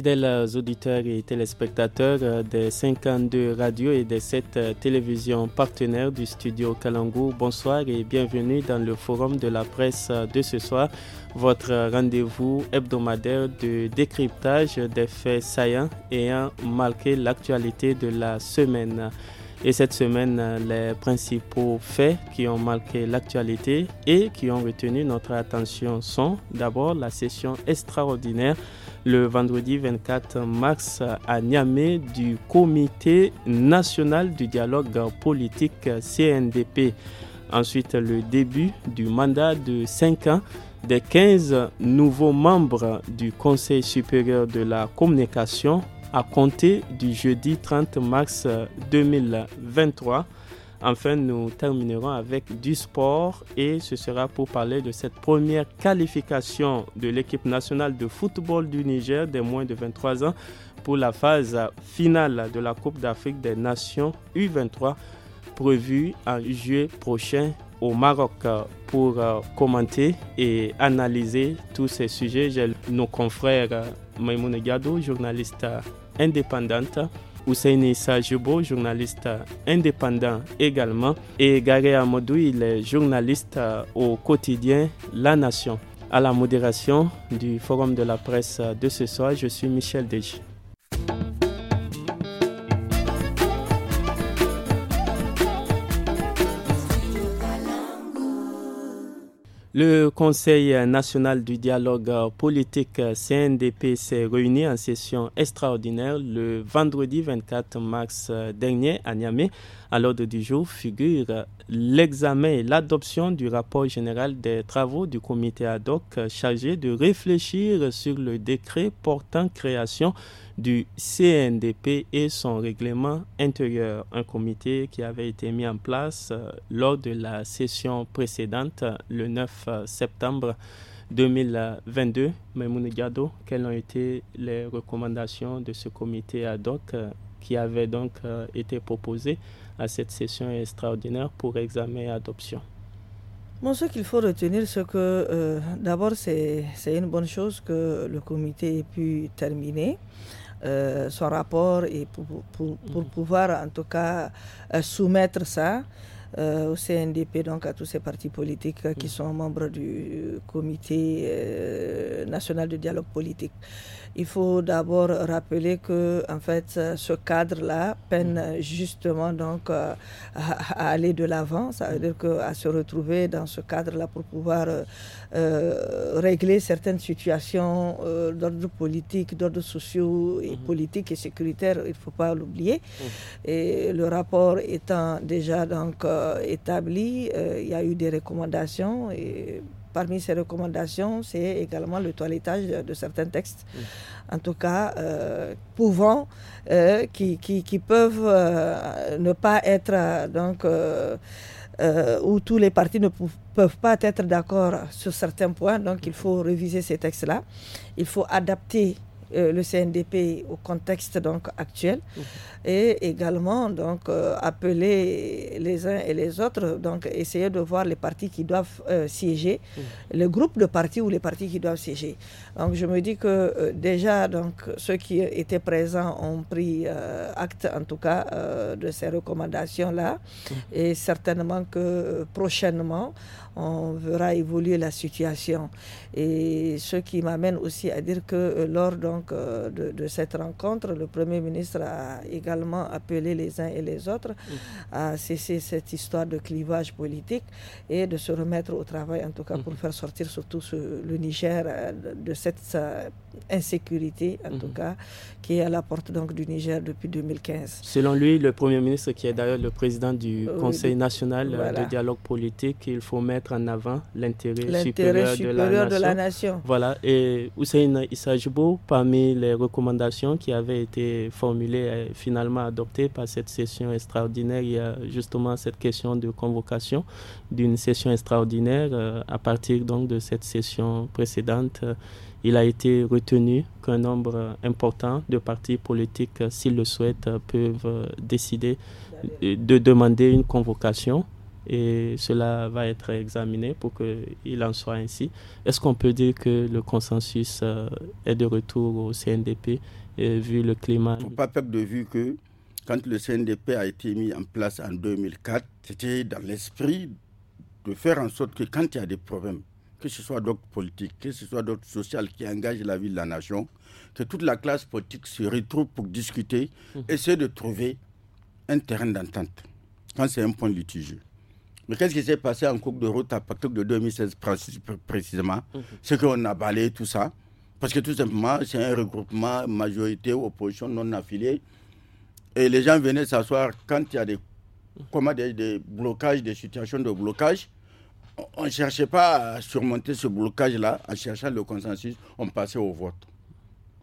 fidèles auditeurs et téléspectateurs euh, des 52 radios et des 7 euh, télévisions partenaires du studio Kalangou, bonsoir et bienvenue dans le forum de la presse euh, de ce soir, votre rendez-vous hebdomadaire de décryptage des faits saillants ayant marqué l'actualité de la semaine. Et cette semaine, les principaux faits qui ont marqué l'actualité et qui ont retenu notre attention sont d'abord la session extraordinaire le vendredi 24 mars à Niamey du Comité national du dialogue politique CNDP. Ensuite, le début du mandat de 5 ans des 15 nouveaux membres du Conseil supérieur de la communication à compter du jeudi 30 mars 2023 Enfin, nous terminerons avec du sport et ce sera pour parler de cette première qualification de l'équipe nationale de football du Niger des moins de 23 ans pour la phase finale de la Coupe d'Afrique des Nations U23 prévue en juillet prochain au Maroc pour euh, commenter et analyser tous ces sujets. J'ai nos confrères euh, Maimouna Gado, journaliste indépendante, Ousseini Sajubo, journaliste indépendant également, et Gary Amadou, il est journaliste au quotidien La Nation. À la modération du Forum de la presse de ce soir, je suis Michel Dej. Le Conseil national du dialogue politique CNDP s'est réuni en session extraordinaire le vendredi 24 mars dernier à Niamey. À l'ordre du jour figure l'examen et l'adoption du rapport général des travaux du comité ad hoc chargé de réfléchir sur le décret portant création du CNDP et son règlement intérieur, un comité qui avait été mis en place euh, lors de la session précédente euh, le 9 euh, septembre 2022. Mais Gado, quelles ont été les recommandations de ce comité ad hoc qui avait donc été proposé à cette session extraordinaire pour examen et adoption ce qu'il faut retenir, c'est que d'abord, c'est une bonne chose que le comité ait pu terminer euh, son rapport et pour, pour, mhm. pouvoir en tout cas euh, soumettre ça euh, au CNDP, donc à tous ces partis politiques qui mhm. sont membres du comité national de dialogue politique. Il faut d'abord rappeler que en fait ce cadre-là peine justement donc euh, à, aller de l'avant, ça veut dire à se retrouver dans ce cadre-là pour pouvoir euh, euh, régler certaines situations d'ordre politique, d'ordre sociaux et mhm. politique et sécuritaire, il ne faut pas l'oublier. Mhm. Et le rapport étant déjà donc établi, il y a eu des recommandations et Parmi ces recommandations, c'est également le toilettage de, certains textes, en tout cas euh, pouvant, euh, qui, peuvent euh, ne pas être, donc, où tous les partis ne peuvent pas être d'accord sur certains points, donc il faut réviser ces textes-là, il faut adapter euh, le CNDP au contexte donc actuel mhm. et également donc euh, appeler les uns et les autres donc essayer de voir les partis qui doivent euh, siéger mhm. le groupe de partis ou les partis qui doivent siéger donc je me dis que déjà donc ceux qui étaient présents ont pris acte en tout cas de ces recommandations là mhm. et certainement que prochainement on verra évoluer la situation. Et ce qui m'amène aussi à dire que euh, lors donc, euh, de, cette rencontre, le Premier ministre a également appelé les uns et les autres mm. à cesser cette histoire de clivage politique et de se remettre au travail, en tout cas mm. pour faire sortir surtout le Niger euh, de cette insécurité, en tout mhm. cas, qui est à la porte donc, du Niger depuis 2015. Selon lui, le Premier ministre, qui est d'ailleurs le président du euh, Conseil national euh, de dialogue politique, il faut mettre en avant l'intérêt supérieur, de, la, nation. Voilà. Et Hussein Issajibo, parmi les recommandations qui avaient été formulées et finalement adoptées par cette session extraordinaire, il y a justement cette question de convocation d'une session extraordinaire euh, à partir donc de cette session précédente. Il a été retenu qu'un nombre important de partis politiques, euh, s'ils le souhaitent, euh, peuvent euh, décider de demander une convocation et cela va être examiné pour qu'il en soit ainsi. Est-ce qu'on peut dire que le consensus est de retour au CNDP vu le climat Il ne faut pas perdre de vue que quand le CNDP a été mis en place en 2004, c'était dans l'esprit de faire en sorte que quand il y a des problèmes, que ce soit d'autres politiques, que ce soit d'autres sociales qui engagent la vie de la nation, que toute la classe politique se retrouve pour discuter, mhm. essayer de trouver un terrain d'entente quand c'est un point litigieux. Mais qu'est-ce qui s'est passé en cours de route à partir de 2016 précisément mhm. C'est qu'on a balayé tout ça, parce que tout simplement, c'est un regroupement majorité opposition non affiliée. Et les gens venaient s'asseoir quand il y a des, comment, des blocages, des situations de blocage on ne cherchait pas à surmonter ce blocage-là. En cherchant le consensus, on passait au vote.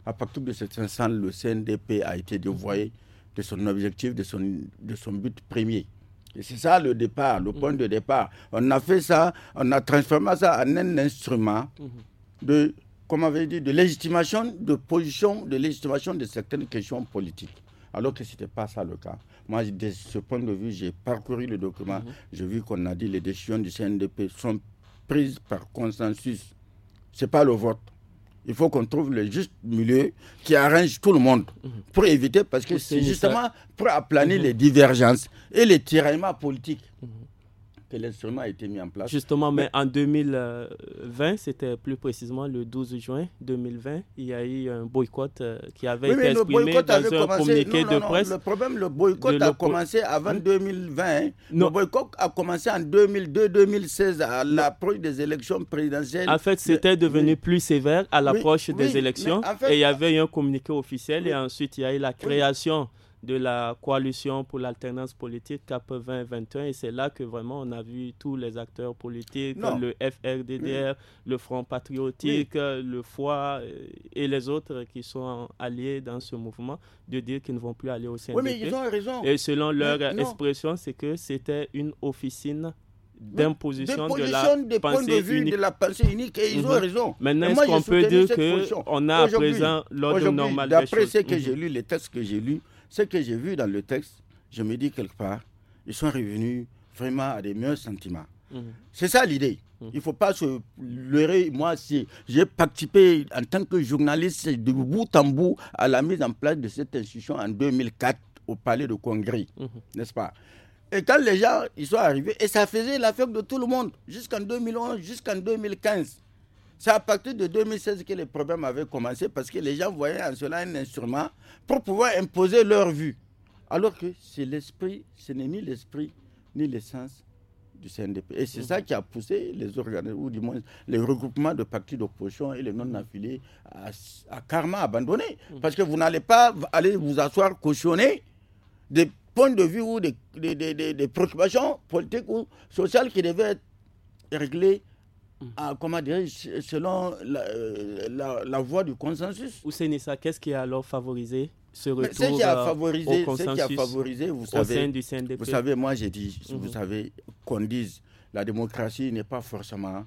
À partir de cet instant, le CNDP a été dévoyé de son objectif, de son, de son but premier. Et c'est ça le départ, le point de départ. On a fait ça, on a transformé ça en un instrument de, comme avait dit, de légitimation de position, de légitimation de certaines questions politiques. Alors que ce n'était pas ça le cas. Moi, de ce point de vue, j'ai parcouru le document. Je mhm. J'ai vu qu'on a dit les décisions du CNDP sont prises par consensus. Ce n'est pas le vote. Il faut qu'on trouve le juste milieu qui arrange tout le monde mhm. pour éviter, parce que c'est justement pour aplanir mhm. les divergences et les tiraillements politiques que l'instrument a été mis en place. Justement, mais, en 2020, c'était plus précisément le 12 juin 2020, il y a eu un boycott euh, qui avait été exprimé dans un communiqué de non, presse. Le problème, le boycott a commencé avant 2020. Hein? Le boycott a commencé en 2002-2016 à l'approche des élections présidentielles. En fait, c'était devenu plus sévère à l'approche des élections et il y avait eu un communiqué officiel et ensuite il y a eu la création de la coalition pour l'alternance politique CAP 2021 et c'est là que vraiment on a vu tous les acteurs politiques, le FRDDR, mm. le Front patriotique, euh, le FOI euh, et les autres qui sont alliés dans ce mouvement de dire qu'ils ne vont plus aller au CNDP. Oui, mais ils ont raison. Et selon leur expression, c'est que c'était une officine d'imposition de la pensée de unique. de la pensée unique et ils ont mhm. raison. Maintenant, est-ce qu'on peut dire que on a à présent l'ordre normal D'après ce que mhm. j'ai lu, les textes que j'ai lus, ce que j'ai vu dans le texte, je me dis quelque part, ils sont revenus vraiment à des meilleurs sentiments. Mhm. C'est ça l'idée. Mhm. Il ne faut pas se leurrer. Moi, si j'ai participé en tant que journaliste de bout en bout à la mise en place de cette institution en 2004 au Palais de Congrès, mhm. n'est-ce pas Et quand les gens ils sont arrivés, et ça faisait l'affaire de tout le monde, jusqu'en 2011, jusqu'en 2015. C'est à partir de 2016 que les problèmes avaient commencé parce que les gens voyaient en cela un instrument pour pouvoir imposer leur vue. Alors que c'est l'esprit, ce n'est ni l'esprit ni l'essence du CNDP. Et c'est ça mhm. qui a poussé les organismes, ou du moins les regroupements de partis d'opposition et les non-affiliés à, carrément abandonner. Mhm. Parce que vous n'allez pas aller vous asseoir, cautionner des points de vue ou des, des préoccupations politiques ou sociales qui devaient être réglées ah, comment dire, selon euh, la, la, voie du consensus. Ou ça, qu'est-ce qui a alors favorisé ce retour au consensus vous savez, sein du Vous savez, moi j'ai dit, mhm. vous savez, qu'on dise la démocratie n'est pas forcément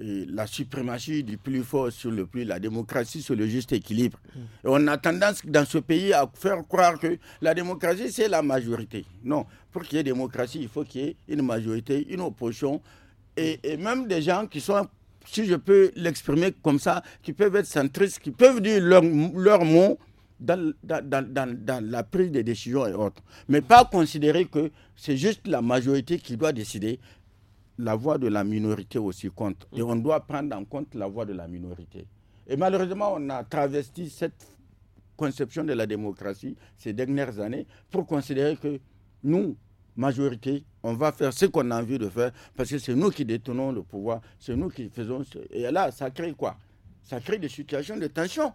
euh, la suprématie du plus fort sur le plus, la démocratie sur le juste équilibre. Mhm. on a tendance dans ce pays à faire croire que la démocratie, c'est la majorité. Non, pour qu'il y ait démocratie, il faut qu'il y ait une majorité, une opposition, et, même des gens qui sont si je peux l'exprimer comme ça, qui peuvent être centristes, qui peuvent dire leurs leur mots dans, dans, dans, dans, la prise des décisions et autres. Mais pas considérer que c'est juste la majorité qui doit décider. La voix de la minorité aussi compte. Et on doit prendre en compte la voix de la minorité. Et malheureusement, on a travesti cette conception de la démocratie ces dernières années pour considérer que nous, majorité, on va faire ce qu'on a envie de faire parce que c'est nous qui détenons le pouvoir, c'est nous qui faisons. Ce... Et là, ça crée quoi Ça crée des situations de tension,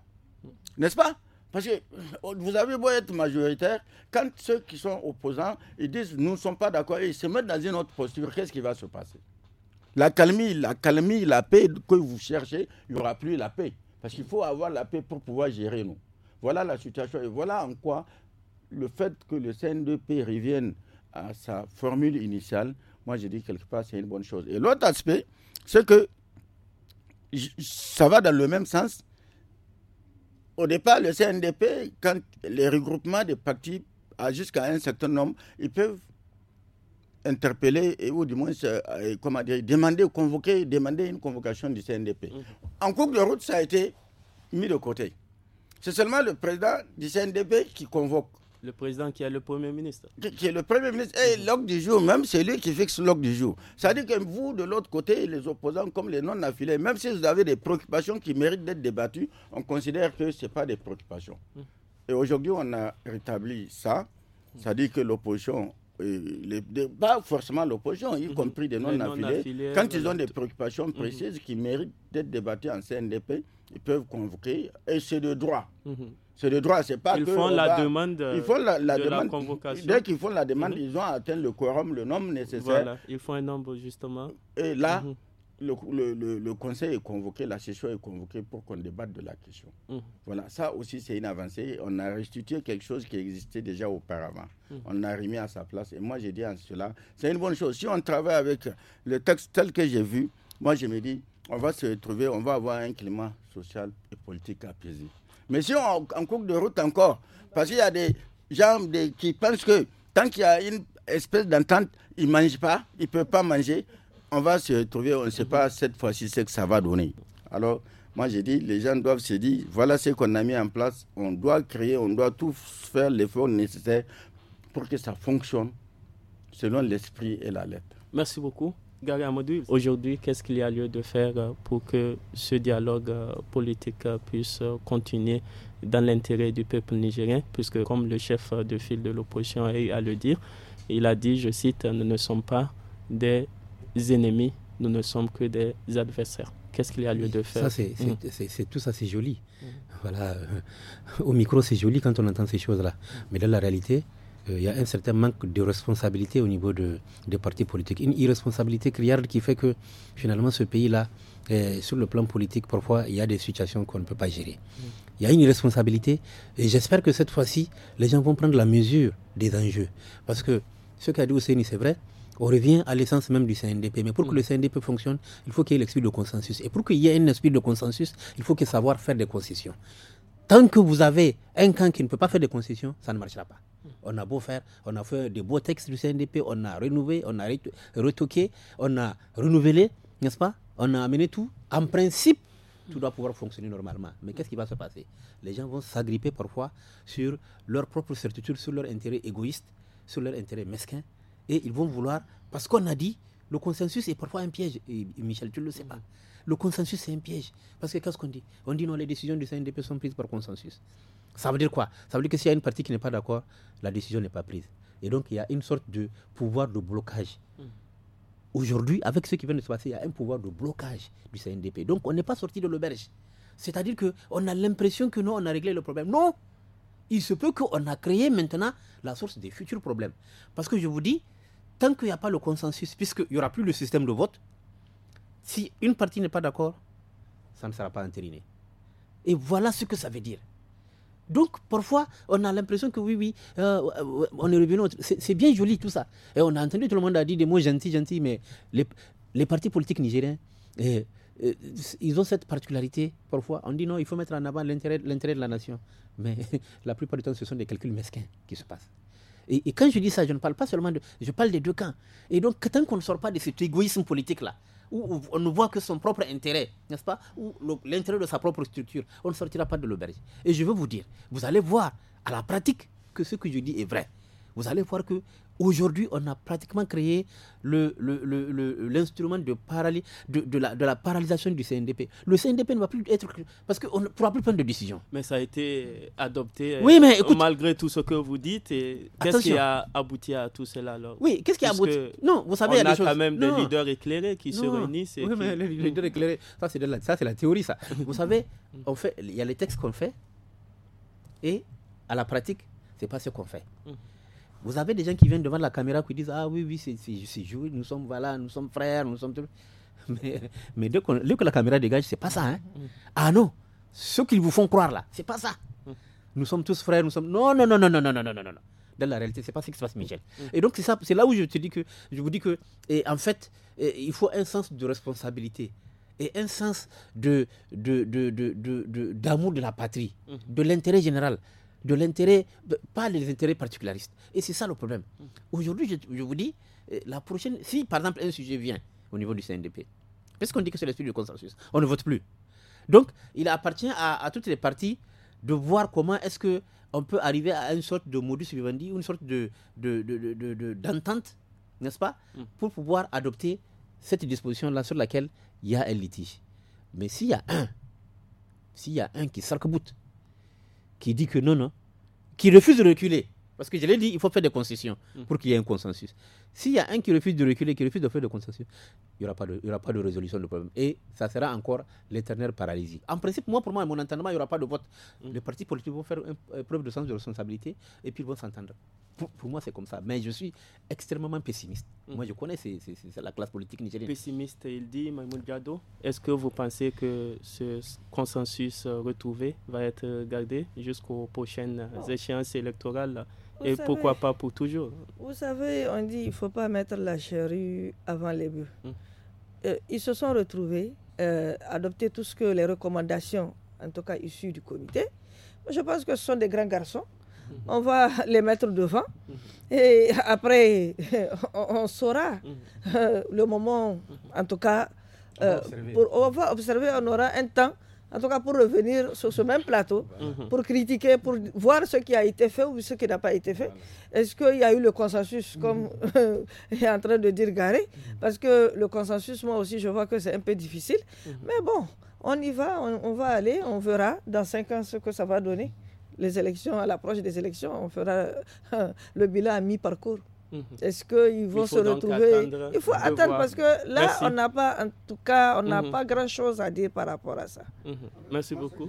n'est-ce pas parce que euh, vous avez beau être majoritaire, quand ceux qui sont opposants, ils disent nous ne sommes pas d'accord et ils se mettent dans une autre posture, qu'est-ce qui va se passer La calmie, la calmie, la paix que vous cherchez, il n'y aura plus la paix. Parce qu'il faut avoir la paix pour pouvoir gérer nous. Voilà la situation et voilà en quoi le fait que le CNDP revienne à sa formule initiale, moi je dis quelque part c'est une bonne chose. Et l'autre aspect, c'est que ça va dans le même sens. Au départ, le CNDP, quand les regroupements des partis à jusqu'à un certain nombre, ils peuvent interpeller et, ou du moins euh, euh, comment demander, convoquer, demander une convocation du CNDP. Mm-hmm. En cours de route, ça a été mis de côté. C'est seulement le président du CNDP qui convoque. Le président qui est le premier ministre. Qui est le premier ministre. Et l'ordre du jour, même, c'est lui qui fixe l'ordre du jour. Ça veut dire que vous, de l'autre côté, les opposants comme les non affilés même si vous avez des préoccupations qui méritent d'être débattues, on considère que ce n'est pas des préoccupations. Hmm. Et aujourd'hui, on a rétabli ça. Ça veut dire que l'opposition euh, pas forcément l'opposition, y hmm. compris des non affilés quand ils ont des préoccupations hmm. précises qui méritent d'être débattues en CNDP, ils peuvent convoquer, et c'est de droit. C'est le droit, c'est pas ils Font la demande ils font la, de La convocation. Dès qu'ils font la demande, mhm. ils ont atteint le quorum, le nombre nécessaire. Voilà, ils font un nombre justement. Et là, mhm. le, conseil est convoqué, la session est convoquée pour qu'on débatte de la question. Mhm. Voilà, ça aussi c'est une avancée. On a restitué quelque chose qui existait déjà auparavant. On a remis à sa place. Et moi j'ai dit en cela, c'est une bonne chose. Si on travaille avec le texte tel que j'ai vu, moi je me dis, on va se retrouver, on va avoir un climat social et politique apaisé. Mais si on, coupe de route encore, parce qu'il y a des gens qui pensent que tant qu'il y a une espèce d'entente, ils ne mangent pas, ils ne peuvent pas manger, on va se retrouver, on ne sait pas cette fois-ci ce que ça va donner. Alors, moi j'ai dit, les gens doivent se dire, voilà ce qu'on a mis en place, on doit créer, on doit tout faire l'effort nécessaire pour que ça fonctionne selon l'esprit et la lettre. Merci beaucoup. Gary aujourd'hui, qu'est-ce qu'il y a lieu de faire euh, pour que ce dialogue euh, politique euh, puisse continuer dans l'intérêt du peuple nigérien Puisque, comme le chef de file de l'opposition a eu à le dire, il a dit, je cite, nous ne sommes pas des ennemis, nous ne sommes que des adversaires. Qu'est-ce qu'il y a lieu de faire mm. c'est, Tout ça, c'est joli. Mm. Voilà. Au micro, c'est joli quand on entend ces choses-là. Mm. Mais là, la réalité, euh, il y a un certain manque de responsabilité au niveau de, des partis politiques. Une irresponsabilité criarde qui fait que finalement ce pays-là, euh, sur le plan politique, parfois il y a des situations qu'on ne peut pas gérer. Mm. Il y a une irresponsabilité et j'espère que cette fois-ci, les gens vont prendre la mesure des enjeux. Parce que ce qu'a dit Ousseini, c'est vrai, on revient à l'essence même du CNDP. Mais pour que mm. le CNDP fonctionne, il faut qu'il y ait l'esprit de consensus. Et pour qu'il y ait un esprit de consensus, il faut que savoir faire des concessions. Tant que vous avez un camp qui ne peut pas faire de concessions, ça ne marchera pas. On a beau faire, on a fait de beaux textes du CNDP, on a renouvelé, on a retoqué, on a renouvelé, n'est-ce pas On a amené tout. En principe, tout doit pouvoir fonctionner normalement. Mais qu'est-ce qui va se passer Les gens vont s'agripper parfois sur leur propre certitude, sur leur intérêt égoïste, sur leur intérêt mesquin. Et ils vont vouloir, parce qu'on a dit, le consensus est parfois un piège. Michel, tu ne le sais pas. Le consensus, c'est un piège. Parce que qu'est-ce qu'on dit On dit non, les décisions du CNDP sont prises par consensus. Ça veut dire quoi Ça veut dire que s'il y a une partie qui n'est pas d'accord, la décision n'est pas prise. Et donc, il y a une sorte de pouvoir de blocage. Hmm. Aujourd'hui, avec ce qui vient de se passer, il y a un pouvoir de blocage du CNDP. Donc, on n'est pas sorti de l'auberge. C'est-à-dire qu'on a l'impression que non, on a réglé le problème. Non Il se peut qu'on a créé maintenant la source des futurs problèmes. Parce que je vous dis, tant qu'il n'y a pas le consensus, puisqu'il n'y aura plus le système de vote, si une partie n'est pas d'accord, ça ne sera pas entériné. Et voilà ce que ça veut dire. Donc, parfois, on a l'impression que oui, oui, euh, on est revenu. C'est bien joli tout ça. Et on a entendu tout le monde a dit des mots gentils, gentils, mais les, partis politiques nigériens, eh, eh, ils ont cette particularité. Parfois, on dit non, il faut mettre en avant l'intérêt de la nation. Mais la plupart du temps, ce sont des calculs mesquins qui se passent. et quand je dis ça, je ne parle pas seulement de. Je parle des deux camps. Et donc, tant qu'on ne sort pas de cet égoïsme politique-là, où on ne voit que son propre intérêt, n'est-ce pas Ou l'intérêt de sa propre structure, on ne sortira pas de l'auberge. Et je veux vous dire, vous allez voir à la pratique que ce que je dis est vrai vous allez voir que aujourd'hui, on a pratiquement créé l'instrument le, de, de, de, la, paralysation du CNDP. Le CNDP ne va plus être... Parce qu'on ne pourra plus prendre de décision. Mais ça a été adopté euh, oui, mais malgré tout ce que vous dites. Qu'est-ce qui a abouti à tout cela alors Oui, qu'est-ce qui a abouti Non, vous savez, on il y a, quand même des leaders éclairés qui se réunissent. oui, mais les leaders éclairés, ça c'est la, la théorie, ça. vous savez, on fait, il y a les textes qu'on fait et à la pratique, c'est pas ce qu'on fait. Mm. Vous avez des gens qui viennent devant la caméra qui disent Ah oui, oui, c'est joué, nous sommes voilà, nous sommes frères, nous sommes. Mais, mais dès, que la caméra dégage, c'est pas ça. Hein? Mm. Ah non, ce qu'ils vous font croire là, c'est pas ça. Mm. Nous sommes tous frères, nous sommes. Non, non, non, non, non, non, non, non, non. Dans la réalité, c'est pas ce qui se passe, Michel. Mm. Et donc, c'est ça, c'est là où je te dis que, je vous dis que, et en fait, il faut un sens de responsabilité et un sens de, d'amour de, de, de la patrie, de l'intérêt général de l'intérêt, pas les intérêts particularistes. Et c'est ça le problème. Aujourd'hui, je, vous dis, euh, la prochaine, si par exemple un sujet vient au niveau du CNDP, qu'on dit que c'est l'esprit du consensus, on ne vote plus. Donc, il appartient à, toutes les parties de voir comment est-ce que on peut arriver à une sorte de modus vivendi, une sorte de, d'entente, de, n'est-ce pas, mm. pour pouvoir adopter cette disposition-là sur laquelle il y a un litige. Mais s'il y a un, s'il y a un qui s'arc-boute qui dit que non, non, qui refuse de reculer. Parce que je l'ai dit, il faut faire des concessions mm. pour qu'il y ait un consensus. S'il y a un qui refuse de reculer, qui refuse de faire des concessions, il n'y aura, pas de, résolution du problème. Et ça sera encore l'éternelle paralysie. En principe, moi, pour moi, à mon entendement, il n'y aura pas de vote. Mm. Les partis politiques vont faire euh, preuve de sens de responsabilité et puis ils vont s'entendre. Pour, moi, c'est comme ça. Mais je suis extrêmement pessimiste. Mm. Moi, je connais la classe politique nigérienne. Pessimiste, il dit, Mahmoud Gado. Est-ce que vous pensez que ce consensus euh, retrouvé va être gardé jusqu'aux prochaines échéances électorales et pourquoi pas pour toujours Vous savez, on dit il ne faut pas mettre la charrue avant les bœufs. Mm. Euh, ils se sont retrouvés, euh, adopter tout ce que les recommandations, en tout cas issues du comité. Je pense que ce sont des grands garçons. On va les mettre devant et après, on, saura euh, le moment, en tout cas, euh, pour, on va observer, on aura un temps en tout cas pour revenir sur ce même plateau, mhm. pour critiquer, pour voir ce qui a été fait ou ce qui n'a pas été fait. Est-ce qu'il y a eu le consensus, comme mhm. est en train de dire Garé mhm. Parce que le consensus, moi aussi, je vois que c'est un peu difficile. Mais bon, on y va, on, on, va aller, on verra dans cinq ans ce que ça va donner. Les élections, à l'approche des élections, on fera le bilan à mi-parcours. Mhm. Est-ce qu'ils vont se retrouver Il faut attendre parce que là, on n'a pas, en tout cas, on n'a mhm. pas grand-chose à dire par rapport à ça. Mhm. Merci beaucoup.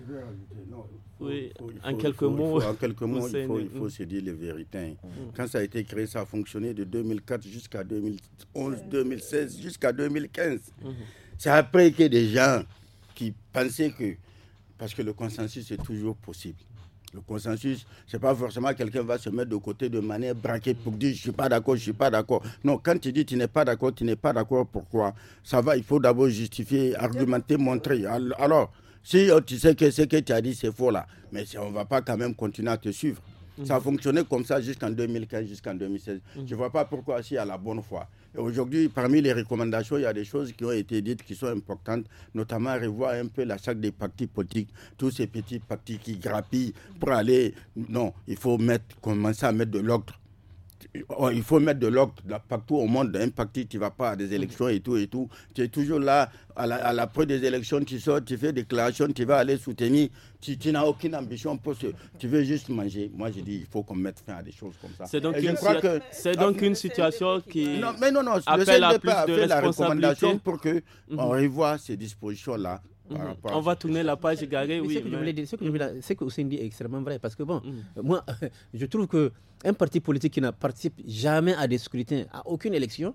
Oui, en quelques mots. quelques il faut, se dire les vérités. Quand ça a été créé, ça a fonctionné de 2004 jusqu'à 2011, 2016, jusqu'à 2015. C'est après que des gens qui pensaient que, parce que le consensus est toujours possible. Le consensus, ce n'est pas forcément quelqu'un va se mettre de côté de manière braquée pour dire je suis pas d'accord, je ne suis pas d'accord. Non, quand tu dis tu n'es pas d'accord, tu n'es pas d'accord, pourquoi Ça va, il faut d'abord justifier, argumenter, montrer. Alors, si tu sais que ce que tu as dit, c'est faux là, mais on ne va pas quand même continuer à te suivre. Ça a fonctionné comme ça jusqu'en 2015, jusqu'en 2016. Mm. Je ne vois pas pourquoi si à la bonne foi. Aujourd'hui, parmi les recommandations, il y a des choses qui ont été dites qui sont importantes, notamment revoir un peu la charte des partis politiques, tous ces petits partis qui grappillent pour aller. Non, il faut mettre, commencer à mettre de l'ordre Oh, il faut mettre de l'ordre partout au monde. Un parti, tu vas pas à des mm. élections et tout et tout. Tu es toujours là, à l'après des élections, tu sors, tu fais des déclarations, tu vas aller soutenir. Tu, tu n'as aucune ambition pour Tu veux juste manger. Moi, je dis, il faut qu'on mette fin à des choses comme ça. C'est donc, une, que, donc une situation ah, qui non, mais non, non, appelle à plus de faire la recommandation pour qu'on mm-hmm. on revoie ces dispositions-là mm-hmm. On va tourner la page garée. oui. Ce que je voulais dire, ce que, mm-hmm. que est extrêmement vrai, parce que bon, moi, je trouve que un parti politique qui ne participe jamais à des scrutins, à aucune élection,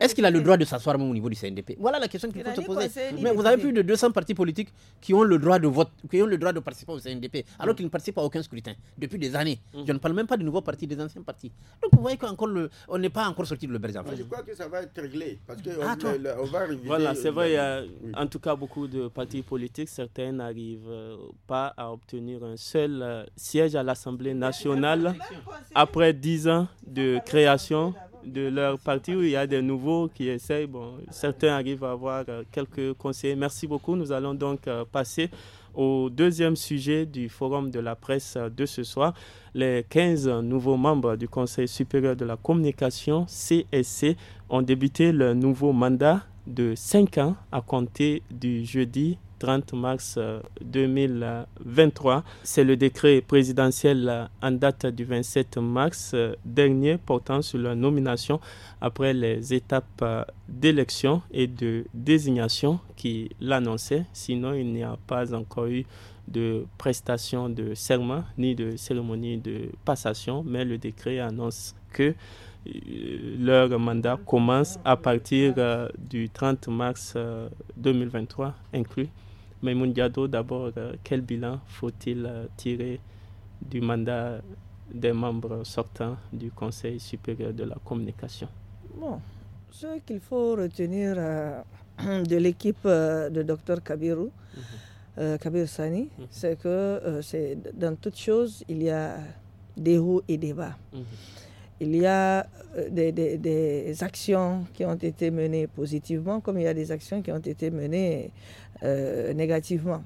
est-ce qu'il a le droit de s'asseoir même au niveau du CNDP Voilà la question qu'il faut se poser. Mais vous avez plus de 200 partis politiques qui ont le droit de vote, qui ont le droit de participer au CNDP, alors mm. qu'ils ne participent à aucun scrutin depuis des années. Mm. Je ne parle même pas de nouveaux partis, des anciens partis. Donc vous voyez qu'on n'est pas encore sorti de l'auberge. Je crois que ça va être réglé ah, Voilà, c'est vrai. Il y a, En tout cas, beaucoup de partis politiques, certains n'arrivent euh, pas à obtenir un seul euh, siège à l'Assemblée nationale après dix ans de création de leur parti, où il y a des nouveaux qui essayent. Bon, certains arrivent à avoir euh, quelques conseils. Merci beaucoup. Nous allons donc euh, passer au deuxième sujet du forum de la presse euh, de ce soir, les 15 nouveaux membres du Conseil supérieur de la communication, CSC, ont débuté leur nouveau mandat de cinq ans à compter du jeudi 30 mars 2023. Euh, C'est le décret présidentiel euh, en date du 27 mars euh, dernier portant sur la nomination après les étapes d'élection et de désignation qui l'annonçait. Sinon, il n'y a pas encore eu de prestation de serment ni de cérémonie de passation, mais le décret annonce que leur mandat commence à partir du 30 mars 2023 inclus. Mais Mundiado, d'abord, euh, quel bilan faut-il euh, tirer du mandat des membres sortants du Conseil supérieur de la communication Bon, ce qu'il faut retenir euh, de l'équipe de Dr Kabiru, mhm. Kabir Sani, mhm. c'est que c'est, dans toute chose, il y a des hauts et des bas. Mhm. Il y a des, actions qui ont été menées positivement, comme il y a des actions qui ont été menées euh, négativement.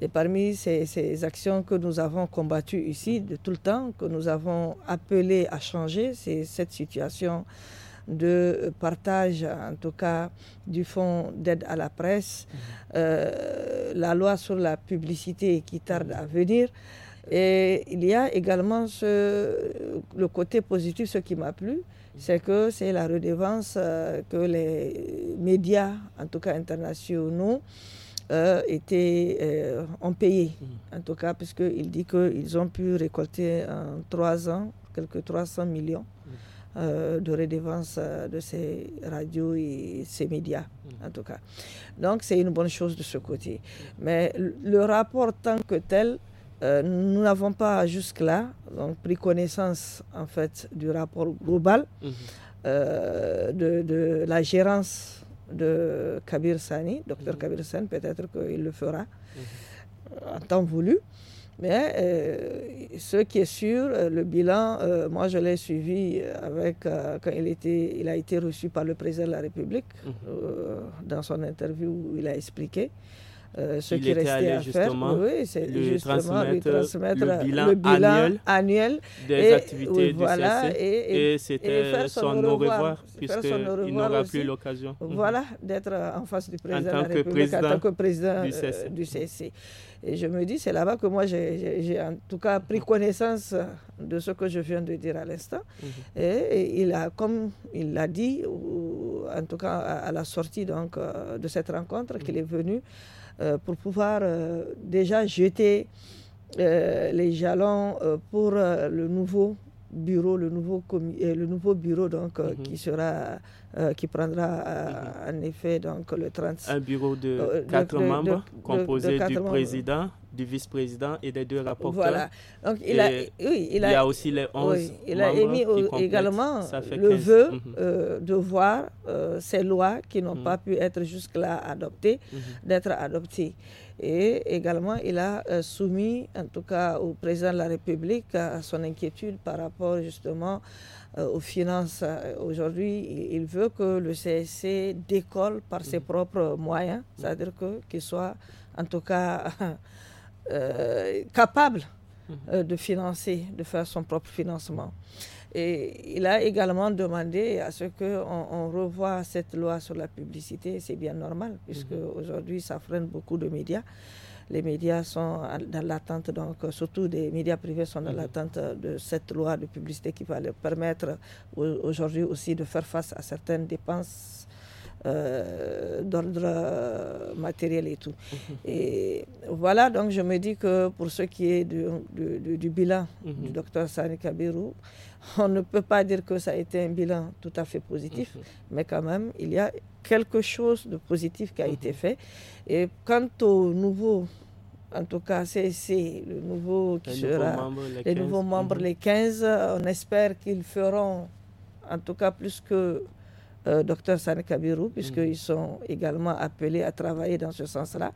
Et parmi ces, actions que nous avons combattues ici de tout le temps, que nous avons appelé à changer, c'est cette situation de partage, en tout cas, du fonds d'aide à la presse, mmh. euh, la loi sur la publicité qui tarde à venir. Et il y a également ce, le côté positif, ce qui m'a plu, c'est que c'est la redevance euh, que les médias, en tout cas internationaux, euh, ont euh, payé, mm. en tout cas, puisqu'il dit qu'ils ont pu récolter en trois ans quelques 300 millions mm. euh, de redevances euh, de ces radios et ces médias, mm. en tout cas. Donc c'est une bonne chose de ce côté. Mais le rapport tant que tel, nous n'avons pas jusque-là pris connaissance en fait du rapport global mm-hmm. de, de, la gérance de Kabir Sani, docteur mm-hmm. Kabir Sani, peut-être qu'il le fera mm-hmm. en temps voulu. Mais euh, ce qui est sûr, euh, le bilan, euh, moi je l'ai suivi avec, quand il, a été reçu par le président de la République mm-hmm. dans son interview où il a expliqué euh, ce il qui restait allé à faire. c'est justement lui transmettre le bilan, annuel, des activités du voilà, CC. Et, c'était son, au revoir, puisqu'il n'aura plus l'occasion. Voilà, d'être en face du président de la République, en tant que président du CC. Euh, et je me dis, c'est là-bas que moi, j'ai en tout cas pris connaissance de ce que je viens de dire à l'instant. Mhm. et, il a, comme il l'a dit, en tout cas à, la sortie donc, euh, de cette rencontre, mhm. qu'il est venu euh, pour pouvoir euh, déjà jeter euh, les jalons pour le nouveau bureau, le nouveau, euh, le nouveau bureau donc, euh, qui, mhm. sera, euh, qui prendra mhm. en effet donc, le 30. Un bureau de quatre membres composé du président, du vice-président et des deux rapporteurs. Voilà. Donc, il, a, y a aussi les 11 Il a émis également le vœu mhm. de voir ces lois qui n'ont pas pu être jusque-là adoptées, d'être adoptées. Et également, il a euh, soumis, en tout cas au président de la République, euh, à son inquiétude par rapport justement euh, aux finances. Aujourd'hui, il veut que le CSC décolle par ses mm. propres moyens, mm. c'est-à-dire qu'il soit en tout cas capable mm. de financer, de faire son propre financement. Et il a également demandé à ce qu'on revoie cette loi sur la publicité. C'est bien normal, puisque mhm. aujourd'hui, ça freine beaucoup de médias. Les médias sont dans l'attente, donc surtout des médias privés sont dans mhm. l'attente de cette loi de publicité qui va leur permettre aujourd'hui aussi de faire face à certaines dépenses euh, d'ordre matériel et tout. Et voilà, donc je me dis que pour ce qui est du, bilan mhm. du docteur Sani Kabiru on ne peut pas dire que ça a été un bilan tout à fait positif, mhm. mais quand même, il y a quelque chose de positif qui a mhm. été fait. Et quant au nouveau en tout cas, c'est le nouveau qui sera. les, les nouveaux membres, les 15, on espère qu'ils feront, en tout cas, plus que euh, docteur Sane Kabirou, puisqu'ils mm. sont également appelés à travailler dans ce sens-là.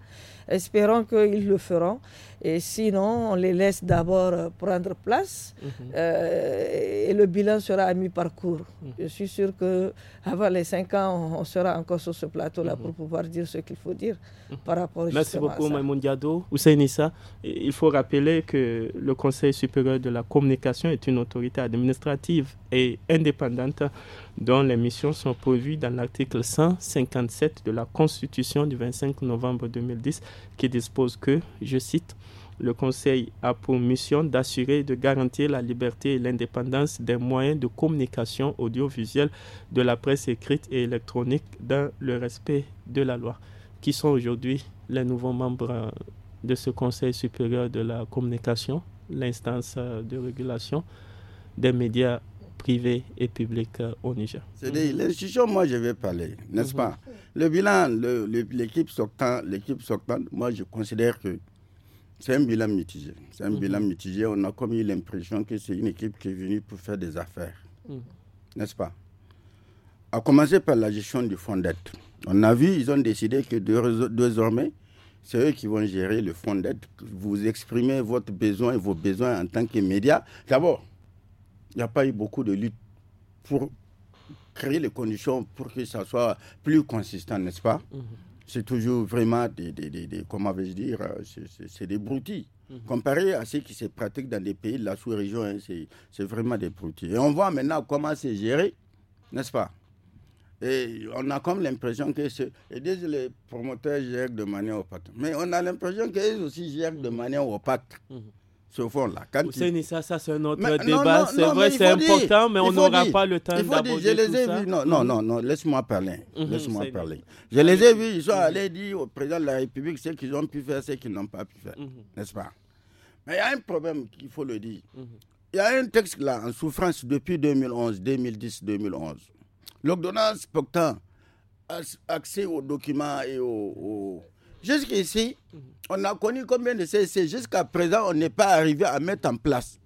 Espérons qu'ils le feront. Et sinon, on les laisse d'abord prendre place mhm. euh, et le bilan sera à mi-parcours. Mhm. Je suis sûr qu'avant les cinq ans, on, sera encore sur ce plateau-là mhm. pour pouvoir dire ce qu'il faut dire par rapport Merci beaucoup, Maïmoun Diado. Nissa, il faut rappeler que le Conseil supérieur de la communication est une autorité administrative et indépendante dont les missions sont prévues dans l'article 157 de la Constitution du 25 novembre 2010 qui dispose que, je cite, le Conseil a pour mission d'assurer et de garantir la liberté et l'indépendance des moyens de communication audiovisuelle de la presse écrite et électronique dans le respect de la loi. Qui sont aujourd'hui les nouveaux membres de ce Conseil supérieur de la communication, l'instance de régulation des médias privé et public euh, au Niger. C'est des institutions, mhm. moi je vais parler, n'est-ce mhm. pas Le bilan, l'équipe Soctan, l'équipe moi je considère que c'est un bilan mitigé. C'est un mhm. bilan mitigé. On a comme eu l'impression que c'est une équipe qui est venue pour faire des affaires, n'est-ce pas À commencer par la gestion du fonds d'aide. On a vu, ils ont décidé que désormais, c'est eux qui vont gérer le fonds d'aide. Vous exprimez votre besoin et vos besoins en tant que médias, D'abord, il n'y a pas eu beaucoup de lutte pour créer les conditions pour que ça soit plus consistant, n'est-ce pas mhm. C'est toujours vraiment des, des, des, comment vais-je dire, euh, c'est des broutilles. Mhm. Comparé à ce qui se pratique dans des pays de la sous-région, hein, c'est vraiment des broutilles. Et on voit maintenant comment c'est géré, n'est-ce pas et on a comme l'impression que ce, les promoteurs gèrent de manière opaque. Mais on a l'impression qu'ils aussi gèrent de manière opaque. Mhm ce fond là ça, c'est un autre débat. C'est vrai, c'est important, mais on n'aura pas le temps d'aborder tout ai ça. non, non, mhm. non, non laisse-moi parler. Mhm, laisse-moi parler. Je les ai vus, ils sont mhm. allés dire au président de la République ce qu'ils ont pu faire, ce qu'ils n'ont pas pu faire. N'est-ce pas Mais il y a un problème qu'il faut le dire. Il y a un texte là en souffrance depuis 2011, 2010, 2011. L'ordonnance portant accès aux documents et aux Jusqu'ici, mhm. on a connu combien de CSC Jusqu'à présent, on n'est pas arrivé à mettre en place.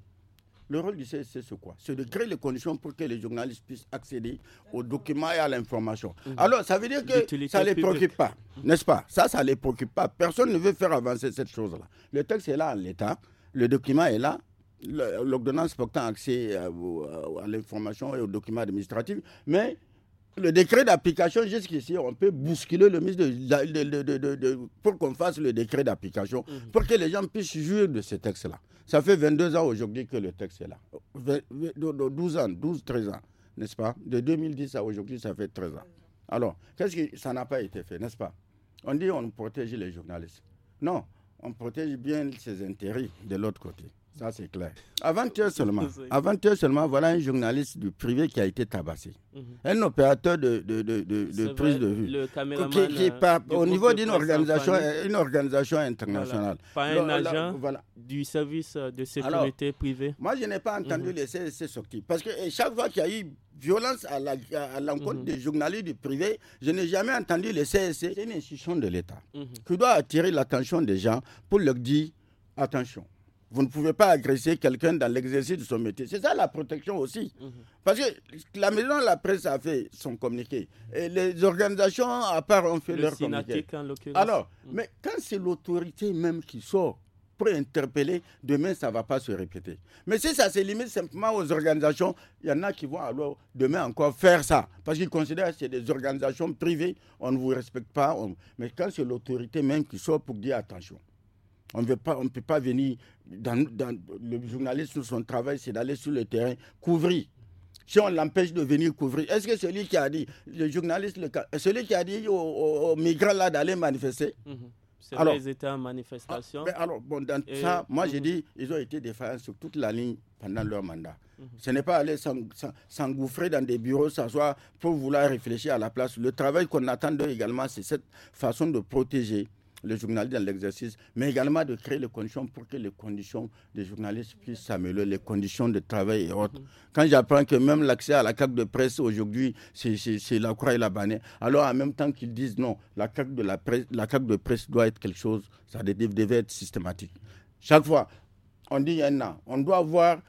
Le rôle du CSC, c'est quoi C'est de créer les conditions pour que les journalistes puissent accéder aux documents et à l'information. Mhm. Alors, ça veut dire que ça ne les préoccupe pas, mhm. n'est-ce pas Ça, ça ne les préoccupe pas. Personne ne veut faire avancer cette chose-là. Le texte est là en l'état, le document est là, l'ordonnance portant accès à l'information et aux documents administratifs, mais le décret d'application, jusqu'ici, on peut bousculer le ministre pour qu'on fasse le décret d'application, mhm. pour que les gens puissent jouir de ce texte-là. Ça fait 22 ans aujourd'hui que le texte est là. 12 ans, 12, 13 ans, n'est-ce pas De 2010 à aujourd'hui, ça fait 13 ans. Alors, qu'est-ce que ça n'a pas été fait, n'est-ce pas On dit on protège les journalistes. Non, on protège bien ses intérêts de l'autre côté. Ça, c'est clair. Avant-hier seulement, seulement, voilà un journaliste du privé qui a été tabassé. Mhm. Un opérateur de, prise de vue. Le caméraman qui, euh, au niveau d'une organisation, une organisation internationale. Pas un agent du service euh, de sécurité Alors, Moi, je n'ai pas entendu le les CSC sortir. Parce que chaque fois qu'il y a eu violence à l'encontre mhm. des journalistes du privé, je n'ai jamais entendu les CSC. C'est une institution de l'État mhm. qui doit attirer l'attention des gens pour leur dire attention. Vous ne pouvez pas agresser quelqu'un dans l'exercice de son métier. C'est ça la protection aussi. Mhm. Parce que la maison la presse a fait son communiqué. Et les organisations à part ont fait leur communiqué. En Alors, mhm. mais quand c'est l'autorité même qui sort pour interpeller, demain, ça ne va pas se répéter. Mais si ça se limite simplement aux organisations, il y en a qui vont alors demain encore faire ça. Parce qu'ils considèrent que c'est des organisations privées, on ne vous respecte pas. Mais quand c'est l'autorité même qui sort pour dire attention, on ne peut pas venir. Dans, le journaliste, son travail, c'est d'aller sur le terrain, couvrir. Si on l'empêche de venir couvrir, est-ce que celui qui a dit, le journaliste, celui qui a dit aux, migrants là d'aller manifester, mhm. C'est étaient en manifestation. Ah, ben alors, dans ça, moi, j'ai mhm. dit, ils ont été défaillants sur toute la ligne pendant leur mandat. Mhm. Ce n'est pas aller s'engouffrer dans des bureaux, s'asseoir pour vouloir réfléchir à la place. Le travail qu'on attend d'eux également, c'est cette façon de protéger le journalistes dans l'exercice, mais également de créer les conditions pour que les conditions des journalistes puissent s'améliorer, les conditions de travail et autres. Mm-hmm. Quand j'apprends que même l'accès à la carte de presse aujourd'hui, c'est la croix et la bannière, alors en même temps qu'ils disent non, la carte de, la presse, la carte de presse doit être quelque chose, ça devait être systématique. Chaque fois, on dit il y en a, on doit voir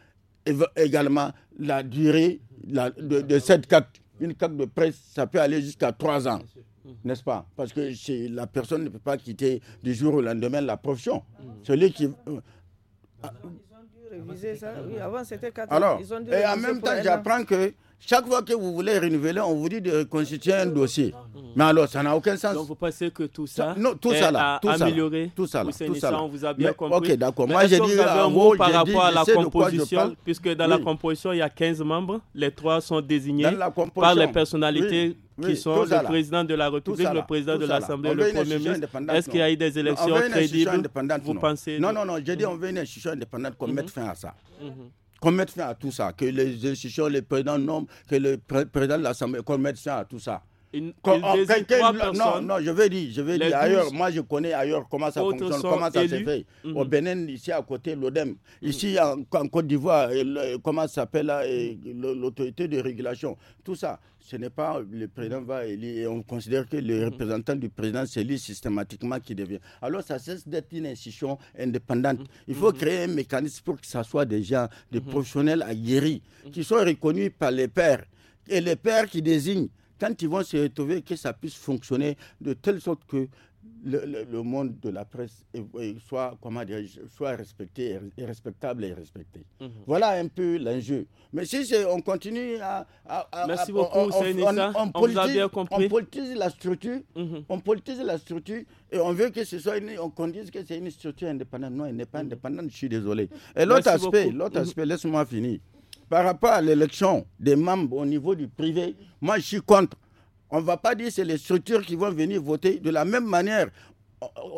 également la durée de, de, cette carte. Une carte de presse, ça peut aller jusqu'à trois ans. Mhm. n'est-ce pas Parce que la personne ne peut pas quitter du jour au lendemain la profession. Mhm. Celui qui... Euh, ils ont dû réviser ça. Oui, avant, c'était 4 ans. et en même temps, j'apprends que chaque fois que vous voulez renouveler, on vous dit de constituer un dossier. Mais alors, ça n'a aucun sens. Donc, vous pensez que tout ça, a non, tout ça là, tout amélioré Tout ça tout ça, on vous a bien compris. Ok, d'accord. Moi, j'ai dit un mot par rapport à la composition, puisque dans la composition, il y a 15 membres. Les trois sont désignés par les personnalités qui sont le président de la République, le président de l'Assemblée, le Premier ministre. Est-ce qu'il y a eu des élections crédibles Vous pensez Non, non, non. J'ai dit on veut une institution indépendante qu'on mhm. mette fin à ça. Mhm qu'on mette fin à tout ça, que les institutions, les présidents nomment, que le président de l'Assemblée, qu'on mette fin à tout ça. Oh, non, non, je veux dire, je veux dire ailleurs. Moi, je connais ailleurs comment ça fonctionne, comment ça se fait. Mhm. Au Bénin, ici à côté, l'ODEM. Mhm. Ici en, en Côte d'Ivoire, comment ça s'appelle l'autorité de régulation. Tout ça ce n'est pas le président va élire et on considère que le mm-hmm. représentant du président s'élit systématiquement qui devient. Alors ça cesse d'être une institution indépendante. Mm-hmm. Il faut mm-hmm. créer un mécanisme pour que ça soit des gens, des professionnels aguerris, qui soient reconnus par les pères et les pères qui désignent quand ils vont se retrouver, que ça puisse fonctionner de telle sorte que le, monde de la presse soit, comment dire, soit respecté, et respectable et respecté. Mhm. Voilà un peu l'enjeu. Mais si on continue à... Merci beaucoup, on, politise, on, politise, la structure, mhm. on politise la structure et on veut que ce soit on que c'est une structure indépendante. Non, elle n'est pas mhm. indépendante, je suis désolé. Et l'autre aspect, l'autre aspect, laisse-moi finir. Par rapport à l'élection des membres au niveau du privé, moi je suis contre. On ne va pas dire que c'est les structures qui vont venir voter. De la même manière,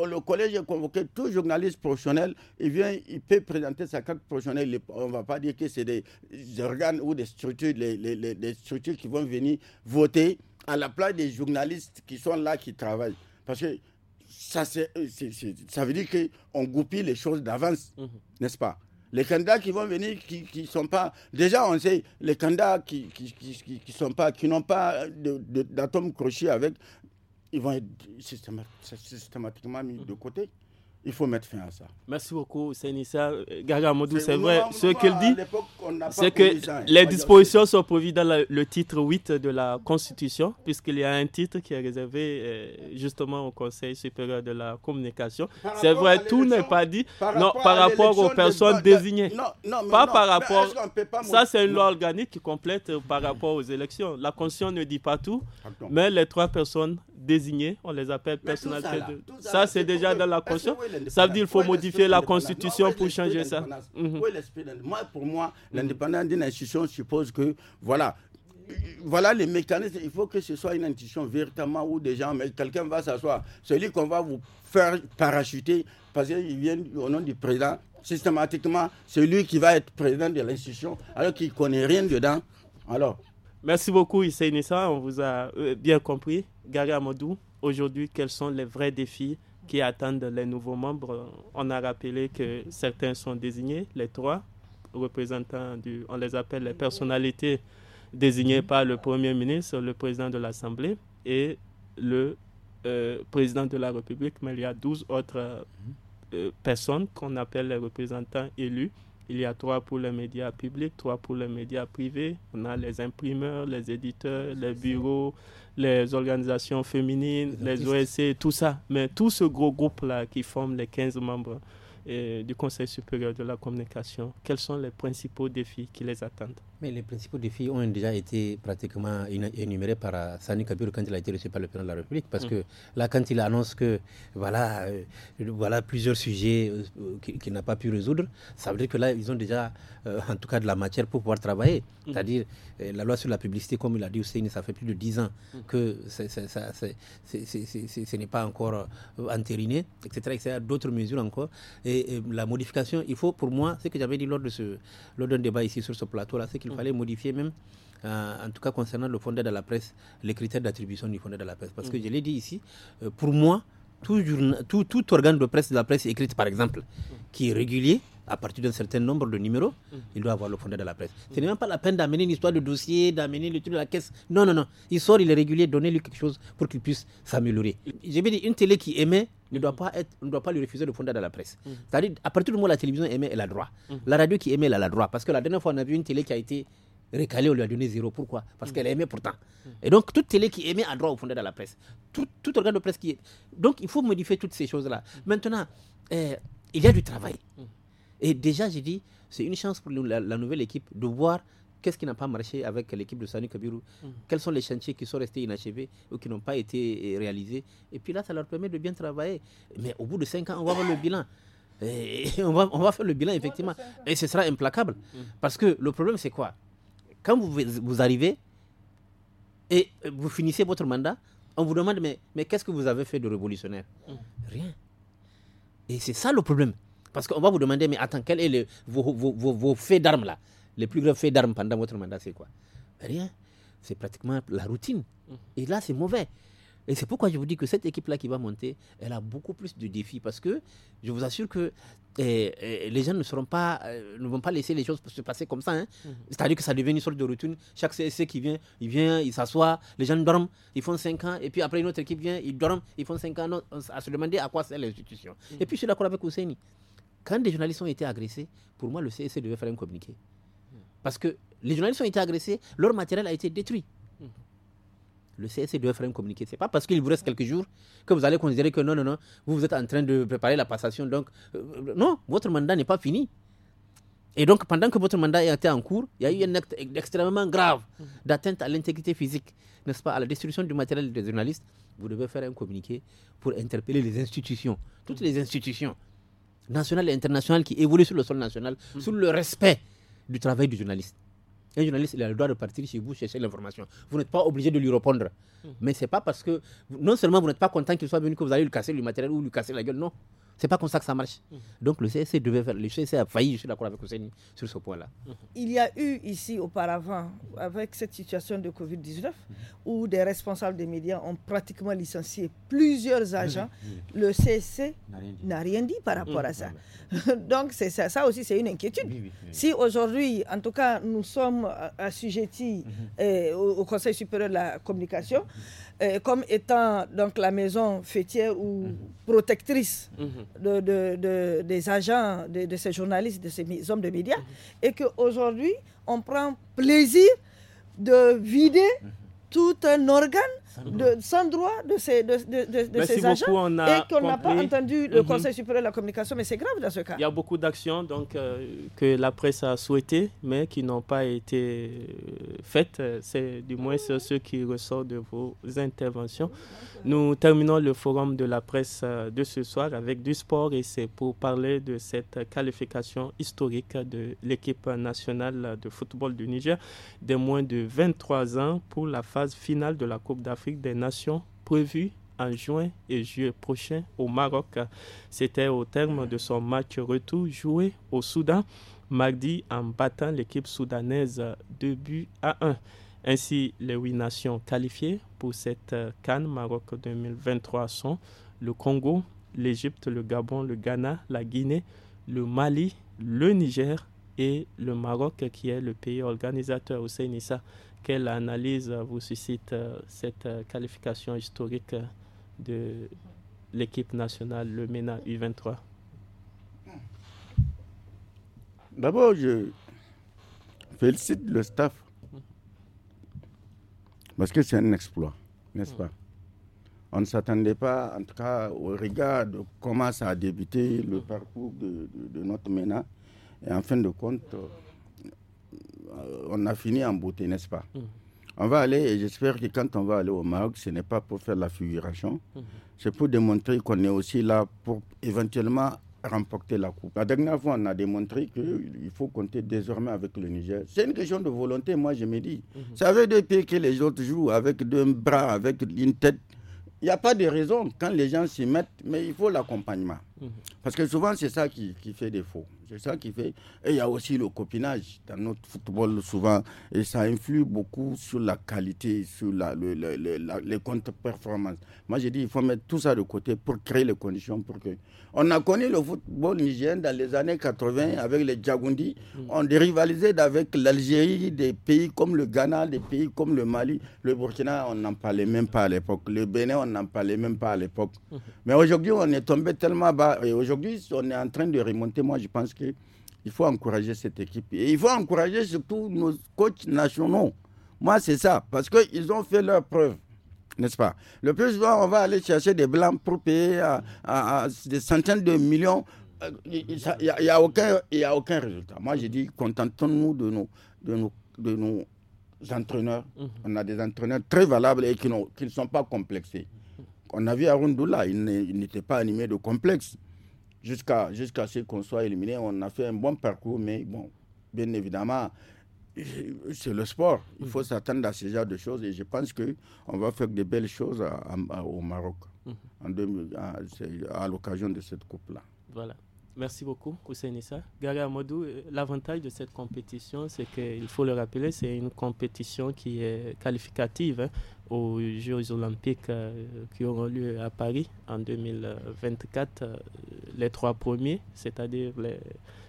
le collège a convoqué, tout journaliste professionnel, il vient, il peut présenter sa carte professionnelle. On ne va pas dire que c'est des organes ou des structures, les, structures qui vont venir voter à la place des journalistes qui sont là, qui travaillent. Parce que ça, ça veut dire qu'on goupille les choses d'avance, mhm. n'est-ce pas les candidats qui vont venir, qui qui sont pas. Déjà, on sait, les candidats qui n'ont qui, qui, qui sont pas, qui n'ont pas d'atomes crochés avec, ils vont être systématiquement mis de mm. côté. Il faut mettre fin à ça. Merci beaucoup, Sénissa. Gaga c'est vrai. Ce qu'elle dit, c'est que hein. les dispositions sont prévues dans le titre 8 de la Constitution, puisqu'il y a un titre qui est réservé euh, justement au Conseil supérieur de la communication. C'est vrai, tout n'est pas dit. Par non, par rapport aux personnes désignées. Non, non mais pas non, par rapport. ça, c'est une loi organique qui complète par rapport aux élections. La Constitution ne dit pas tout, mais les trois personnes désignés, on les appelle personnalités. Ça, ça, c'est déjà dans la Constitution. Ça veut dire qu'il faut modifier la Constitution pour changer ça. Mhm. pour moi, mhm. l'indépendance d'une institution suppose que, voilà, voilà les mécanismes. Il faut que ce soit une institution véritablement où des gens, mais quelqu'un va s'asseoir. Celui qu'on va vous faire parachuter parce qu'il vient au nom du président, systématiquement, celui qui va être président de l'institution alors qu'il ne connaît rien dedans. Alors. Merci beaucoup, Issa On vous a euh, bien compris. Gary Amadou, aujourd'hui, quels sont les vrais défis qui attendent les nouveaux membres On a rappelé que certains sont désignés, les trois représentants du, on les appelle les personnalités désignées par le Premier ministre, le président de l'Assemblée et le euh, président de la République, mais il y a 12 autres euh, personnes qu'on appelle les représentants élus. Il y a trois pour les médias publics, trois pour les médias privés. On a les imprimeurs, les éditeurs, les bureaux, les organisations féminines, les, OSC, tout ça. Mais tout ce gros groupe-là qui forme les 15 membres eh, du Conseil supérieur de la communication, quels sont les principaux défis qui les attendent mais les principaux défis ont déjà été pratiquement énumérés par euh, Sani Kabir quand il a été reçu par le président de la République. Parce mm. que là, quand il annonce que voilà, euh, voilà plusieurs sujets euh, qu'il n'a pas pu résoudre, ça veut dire que là, ils ont déjà, en tout cas, de la matière pour pouvoir travailler. Mm. C'est-à-dire, la loi sur la publicité, comme il a dit aussi, ça fait plus de dix ans mm. que ce n'est pas encore entériné, etc. etc. D'autres mesures encore. Et, la modification, il faut, pour moi, ce que j'avais dit lors d'un ce, débat ici sur ce plateau-là, c'est il mm. fallait modifier même euh, en tout cas concernant le fondé de la presse, les critères d'attribution du fondé de la presse. Parce mm. que je l'ai dit ici, euh, pour moi, tout, tout, organe de presse, de la presse écrite par exemple, mm. qui est régulier, à partir d'un certain nombre de numéros, mm. il doit avoir le fondateur de la presse. Ce n'est même pas la peine d'amener une histoire de dossier, d'amener le truc de la caisse. Non, non, non. Il sort, il est régulier, donnez-lui quelque chose pour qu'il puisse s'améliorer. Je veux dire, une télé qui émet ne doit pas, être, ne doit pas lui refuser le fondateur de la presse. Mm. C'est-à-dire, à partir du moment où la télévision émet, elle a droit. Mm. La radio qui émet, elle a droit. Parce que la dernière fois, on a vu une télé qui a été récalée, on lui a donné zéro. Pourquoi Parce qu'elle aimait pourtant. Et donc, toute télé qui émet a droit au fondateur de la presse. Tout, tout, organe de presse qui est. Donc, il faut modifier toutes ces choses-là. Maintenant, euh, il y a du travail. Et déjà, j'ai dit, c'est une chance pour la, nouvelle équipe de voir qu'est-ce qui n'a pas marché avec l'équipe de Sanu Kabiru mhm. Quels sont les chantiers qui sont restés inachevés ou qui n'ont pas été eh, réalisés Et puis là, ça leur permet de bien travailler. Mais au bout de cinq ans, on va voir le bilan. on, va, faire le bilan, effectivement. Et ce sera implacable. Mhm. Parce que le problème, c'est quoi Quand vous, arrivez et vous finissez votre mandat, on vous demande, mais, qu'est-ce que vous avez fait de révolutionnaire mhm. Rien. Et c'est ça le problème. Parce qu'on va vous demander, mais attends, quels sont vos, vos, vos, faits d'armes là Les plus grands faits d'armes pendant votre mandat, c'est quoi ben Rien. C'est pratiquement la routine. Mm. Et là, c'est mauvais. Et c'est pourquoi je vous dis que cette équipe-là qui va monter, elle a beaucoup plus de défis parce que je vous assure que eh, eh, les gens ne seront pas, euh, ne vont pas laisser les choses se passer comme ça. Hein. Mm-hmm. C'est-à-dire que ça devient une sorte de routine. Chaque CSC qui vient, il vient, il s'assoit, les gens dorment, ils font 5 ans, et puis après une autre équipe vient, ils dorment, ils font 5 ans, à se demander à quoi sert l'institution. Mm. Et puis je suis d'accord avec Ousseini. Quand des journalistes ont été agressés, pour moi, le CSC e devait faire un communiqué. Parce que les journalistes ont été agressés, leur matériel a été détruit. Le CSC e devait faire un communiqué. Ce n'est pas parce qu'il vous reste quelques jours que vous allez considérer que non, non, non, vous, êtes en train de préparer la passation. Donc, euh, non, votre mandat n'est pas fini. Et donc, pendant que votre mandat été en cours, il y a eu un acte extrêmement grave d'atteinte à l'intégrité physique, n'est-ce pas, à la destruction du matériel des journalistes. Vous devez faire un communiqué pour interpeller les institutions, toutes les institutions, national et international qui évolue sur le sol national, mm. sous le respect du travail du journaliste. Un journaliste, il a le droit de partir chez vous chercher l'information. Vous n'êtes pas obligé de lui répondre. Mm. Mais c'est pas parce que, non seulement vous n'êtes pas content qu'il soit venu que vous allez lui casser le matériel ou lui casser la gueule, non. C'est pas comme ça que ça marche. Donc le CSC devait le CSC a failli, je suis d'accord avec conseil, sur ce point-là. Il y a eu ici auparavant, avec cette situation de Covid-19, où des responsables des médias ont pratiquement licencié plusieurs mmh. agents, mmh. le CSC n'a rien, dit par rapport mmh. à ça. Donc ça, aussi c'est une inquiétude. Si aujourd'hui, en tout cas, nous sommes assujettis euh, au Conseil supérieur de la communication, euh, comme étant donc la maison fêtière ou mhm. protectrice mhm. De, des agents, de, ces journalistes, de ces hommes de médias, mhm. et et qu'aujourd'hui, on prend plaisir de vider tout un organe de, sans droit de ces, de, de, ces agents et qu'on n'a pas entendu le mhm. Conseil supérieur de la communication, mais c'est grave dans ce cas. Il y a beaucoup d'actions donc, euh, que la presse a souhaitées, mais qui n'ont pas été euh, faites. C'est du moins ce qui ressort de vos interventions. Nous terminons le forum de la presse euh, de ce soir avec du sport et c'est pour parler de cette qualification historique de l'équipe nationale de football du Niger des moins de 23 ans pour la phase finale de la Coupe d'Afrique des Nations prévues en juin et juillet prochain au Maroc. C'était au terme de son match retour joué au Soudan mardi en battant l'équipe soudanaise 2 buts à 1. Ainsi, les huit nations qualifiées pour cette euh, Cannes Maroc 2023 sont le Congo, l'Égypte, le Gabon, le Ghana, la Guinée, le Mali, le Niger et le Maroc qui est le pays organisateur au ça quelle analyse vous suscite euh, cette euh, qualification historique euh, de l'équipe nationale, le MENA U23 D'abord, je félicite le staff parce que c'est un exploit, n'est-ce pas On ne s'attendait pas, en tout cas, au regard de comment ça a débuté le parcours de, notre MENA. Et en fin de compte, euh, on a fini en beauté, n'est-ce pas mm. On va aller, et j'espère que quand on va aller au Maroc, ce n'est pas pour faire la figuration, mm-hmm. c'est pour démontrer qu'on est aussi là pour éventuellement remporter la coupe. La dernière fois, on a démontré qu'il faut compter désormais avec le Niger. C'est une question de volonté, moi je me dis. Mm-hmm. Ça veut dire que les autres jouent, avec deux bras, avec une tête. Il n'y a pas de raison quand les gens s'y mettent, mais il faut l'accompagnement. Mm-hmm. Parce que souvent, c'est ça qui fait défaut. C'est ça qui fait. Et il y a aussi le copinage. Dans notre football, souvent, et ça influe beaucoup sur la qualité, sur la, le, le, le, les contre-performances. Moi, j'ai dit, il faut mettre tout ça de côté pour créer les conditions pour que. On a connu le football nigérien dans les années 80 avec les Djagoundi. Mm. On rivalisait avec l'Algérie, des pays comme le Ghana, des pays comme le Mali. Le Burkina, on n'en parlait même pas à l'époque. Le Bénin, on n'en parlait même pas à l'époque. Mm. Mais aujourd'hui, on est tombé tellement bas. Et aujourd'hui, on est en train de remonter. Moi, je pense il faut encourager cette équipe. Et il faut encourager surtout nos coachs nationaux. Moi, c'est ça, parce qu'ils ont fait leur preuve, n'est-ce pas Le plus souvent, on va aller chercher des blancs pour payer à, des centaines de millions. Euh, il n'y a, aucun, il a aucun résultat. Moi, j'ai dit, contentons-nous de nos, de nos, de nos entraîneurs. Mhm. On a des entraîneurs très valables et qui, qui ne sont pas complexés. On a vu Arundula, il n'était pas animé de complexe jusqu'à ce qu'on soit éliminé. On a fait un bon parcours, mais bon, bien évidemment, euh, c'est le sport. Il faut mhm. s'attendre à ce genre de choses et je pense qu'on va faire de belles choses au Maroc mhm. à, l'occasion de cette Coupe-là. Voilà. Merci beaucoup, Nissa. Gary Amadou, euh, l'avantage de cette compétition, c'est qu'il faut le rappeler, c'est une compétition qui est qualificative. Hein aux Jeux olympiques euh, qui auront lieu à Paris en 2024, euh, les trois premiers, c'est-à-dire les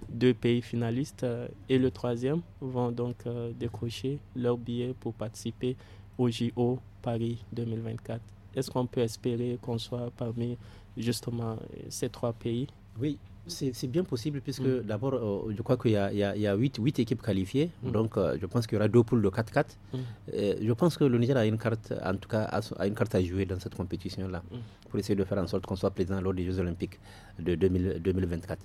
deux pays finalistes euh, et le troisième, vont donc décrocher leur billet pour participer au JO Paris 2024. Est-ce qu'on peut espérer qu'on soit parmi justement ces trois pays Oui, c'est bien possible puisque mm. d'abord, euh, je crois qu'il y a, 8 équipes qualifiées. Mm. Donc, euh, je pense qu'il y aura deux poules de 4-4. Mm. Euh, je pense que le Niger a une carte, en tout cas, a, une carte à jouer dans cette compétition-là pour essayer de faire en sorte qu'on soit présent lors des Jeux Olympiques de 2024.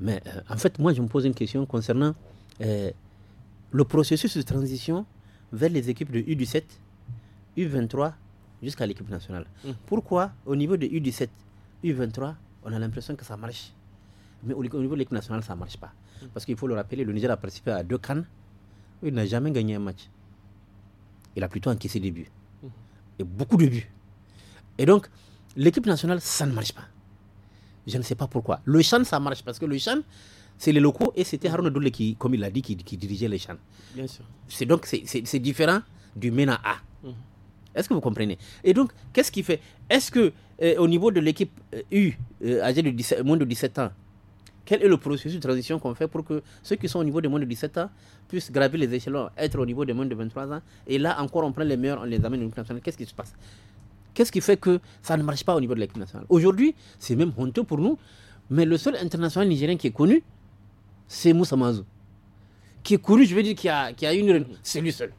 Mais en fait, moi, je me pose une question concernant le processus de transition vers les équipes de U17, U23 jusqu'à l'équipe nationale. Pourquoi au niveau de U17, U23, on a l'impression que ça marche mais au, niveau de l'équipe nationale, ça ne marche pas. Parce qu'il faut le rappeler, le Niger a participé à deux cannes. Il n'a jamais gagné un match. Il a plutôt encaissé des buts. Et beaucoup de buts. Et donc, l'équipe nationale, ça ne marche pas. Je ne sais pas pourquoi. Le Chan, ça marche parce que le Chan, c'est les locaux et c'était Haroun Adoule qui, comme il l'a dit, qui, dirigeait le Chan. Bien sûr. C'est donc c'est différent du MENA A. Mhm. Est-ce que vous comprenez Et donc, qu'est-ce qui fait Est-ce que euh, au niveau de l'équipe euh, U, euh, âgée de moins de 17 ans, quel est le processus de transition qu'on fait pour que ceux qui sont au niveau des moins de 17 ans puissent graver les échelons, être au niveau des moins de 23 ans Et là encore, on prend les meilleurs, on les amène au niveau international. Qu'est-ce qui se passe Qu'est-ce qui fait que ça ne marche pas au niveau de l'équipe nationale Aujourd'hui, c'est même honteux pour nous, mais le seul international nigérien qui est connu, c'est Moussa Mazou. Qui est connu, je veux dire, qui a, qui a une. C'est lui seul.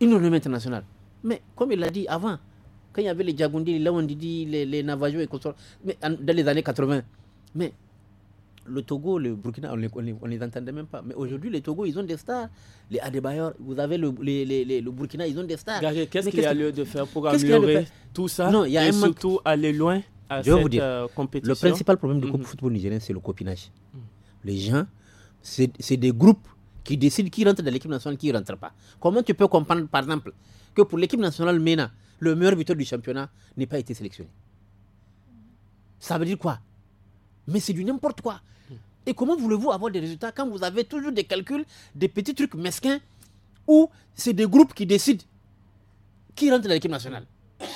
Une renommée internationale. Mais comme il l'a dit avant, quand il y avait les Diagondi, les Lawandidi, les, les Navajo et consorts, mais dans les années 80, mais le Togo, le Burkina, on les, ne les entendait même pas. Mais aujourd'hui, les Togo, ils ont des stars. Les Adebayor, vous avez le, Burkina, ils ont des stars. qu'est-ce qu'il y a lieu de faire pour améliorer tout ça non, y a surtout aller loin à cette euh, compétition Le principal problème du mm-hmm. groupe de football nigérien, c'est le copinage. Mm. Les gens, c'est des groupes qui décident qui rentre dans l'équipe nationale, qui ne rentre pas. Comment tu peux comprendre, par exemple, que pour l'équipe nationale MENA, le meilleur buteur du championnat n'ait pas été sélectionné Ça veut dire quoi Mais c'est du n'importe quoi. Et comment voulez-vous avoir des résultats quand vous avez toujours des calculs, des petits trucs mesquins, où c'est des groupes qui décident qui rentre dans l'équipe nationale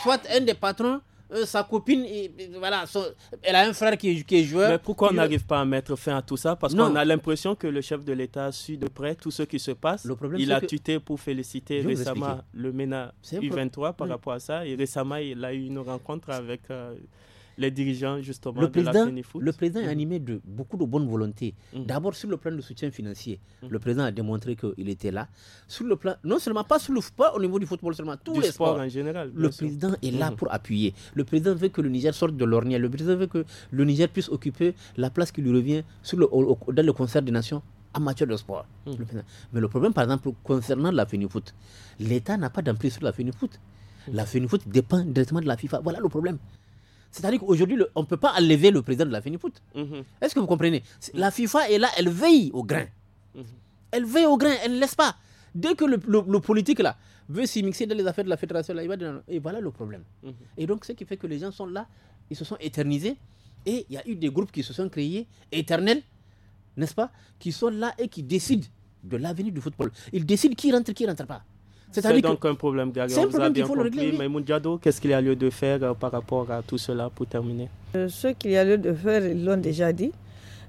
Soit un des patrons euh, sa copine, voilà, elle a un frère qui est, joueur. Mais pourquoi on n'arrive pas à mettre fin à tout ça Parce qu'on a l'impression que le chef de l'État suit de près tout ce qui se passe. il a tué pour féliciter récemment le MENA U23 par rapport à ça. Et récemment, il a eu une rencontre avec euh, les dirigeants justement le de la Le président est mhm. animé de beaucoup de bonnes volontés. Mhm. D'abord sur le plan de soutien financier, mhm. le président a démontré qu'il était là. Sur le plan, non seulement pas sur pas au niveau du football seulement, tous les sports en général. Le président est là pour appuyer. Le président veut que le Niger sorte de l'ornière. Le président veut que le Niger puisse occuper la place qui lui revient sur dans le concert des nations en matière de sport. Mais le problème, par exemple, concernant la FENIFOOT, l'État n'a pas d'emprise sur la FENIFOOT. La FENIFOOT dépend directement de la FIFA. Voilà le problème. C'est-à-dire qu'aujourd'hui, on ne peut pas enlever le président de la Finiput. Mhm. Est-ce que vous comprenez La FIFA est là, elle veille au grain. Mhm. Elle veille au grain, elle ne laisse pas. Dès que le, politique là veut s'immiscer dans les affaires de la fédération, il va dire, et voilà le problème. Mhm. Et donc, ce qui fait que les gens sont là, ils se sont éternisés, et il y a eu des groupes qui se sont créés, éternels, n'est-ce pas, qui sont là et qui décident de l'avenir du football. Ils décident qui rentre, qui rentre pas. C'est donc un problème, Gary. C'est un problème compris. Mais Mounjado, qu'est-ce qu'il y a lieu de faire euh, par rapport à tout cela pour terminer euh, Ce qu'il y a lieu de faire, ils l'ont déjà dit.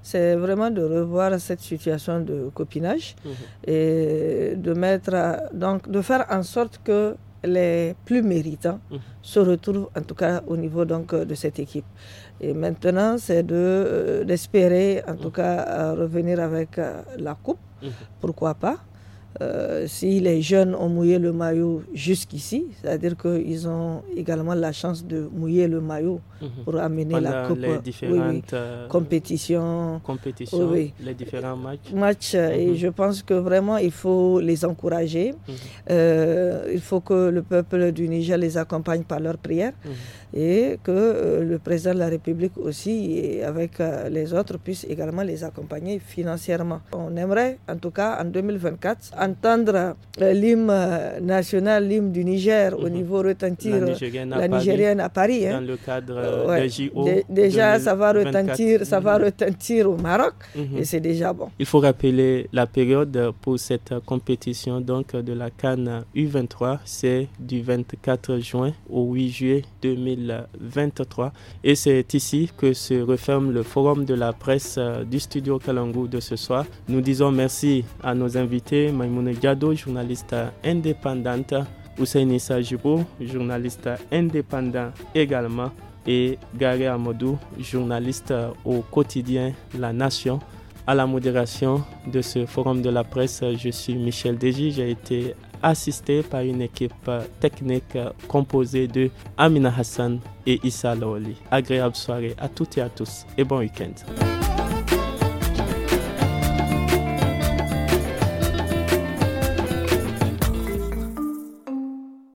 C'est vraiment de revoir cette situation de copinage mhm. et de mettre, donc, de faire en sorte que les plus méritants mhm. se retrouvent en tout cas au niveau donc euh, de cette équipe. Et maintenant, c'est d'espérer de, en tout mhm. cas revenir avec la coupe, pourquoi pas. Euh, si les jeunes ont mouillé le maillot jusqu'ici, c'est-à-dire qu'ils ont également la chance de mouiller le maillot mhm. pour amener la coupe. Les différentes euh, compétitions, les différents matchs. Et mhm. je pense que vraiment, il faut les encourager. Mhm. Euh, il faut que le peuple du Niger les accompagne par leurs prières et que le président de la République aussi, avec les autres, puisse également les accompagner financièrement. On aimerait, en tout cas, en 2024, entendre euh, l'hymne euh, national, l'hymne du Niger au mhm. niveau retentir, la Nigérienne à, Paris, hein. Dans le cadre euh, de JO. déjà, ça va retentir, ça va mhm. retentir au Maroc mhm. et c'est déjà bon. Il faut rappeler la période pour cette compétition donc de la Cannes U23, c'est du 24 juin au 8 juillet 2023 et c'est ici que se referme le forum de la presse du studio Kalangou de ce soir. Nous disons merci à nos invités, Maimoune journaliste indépendante, Hussein Sajibo, journaliste indépendant également, et Gary Amadou, journaliste au quotidien La Nation. À la modération de ce forum de la presse, je suis Michel Deji. J'ai été assisté par une équipe technique composée de Amina Hassan et Issa Laoli. Agréable soirée à toutes et à tous et bon week-end.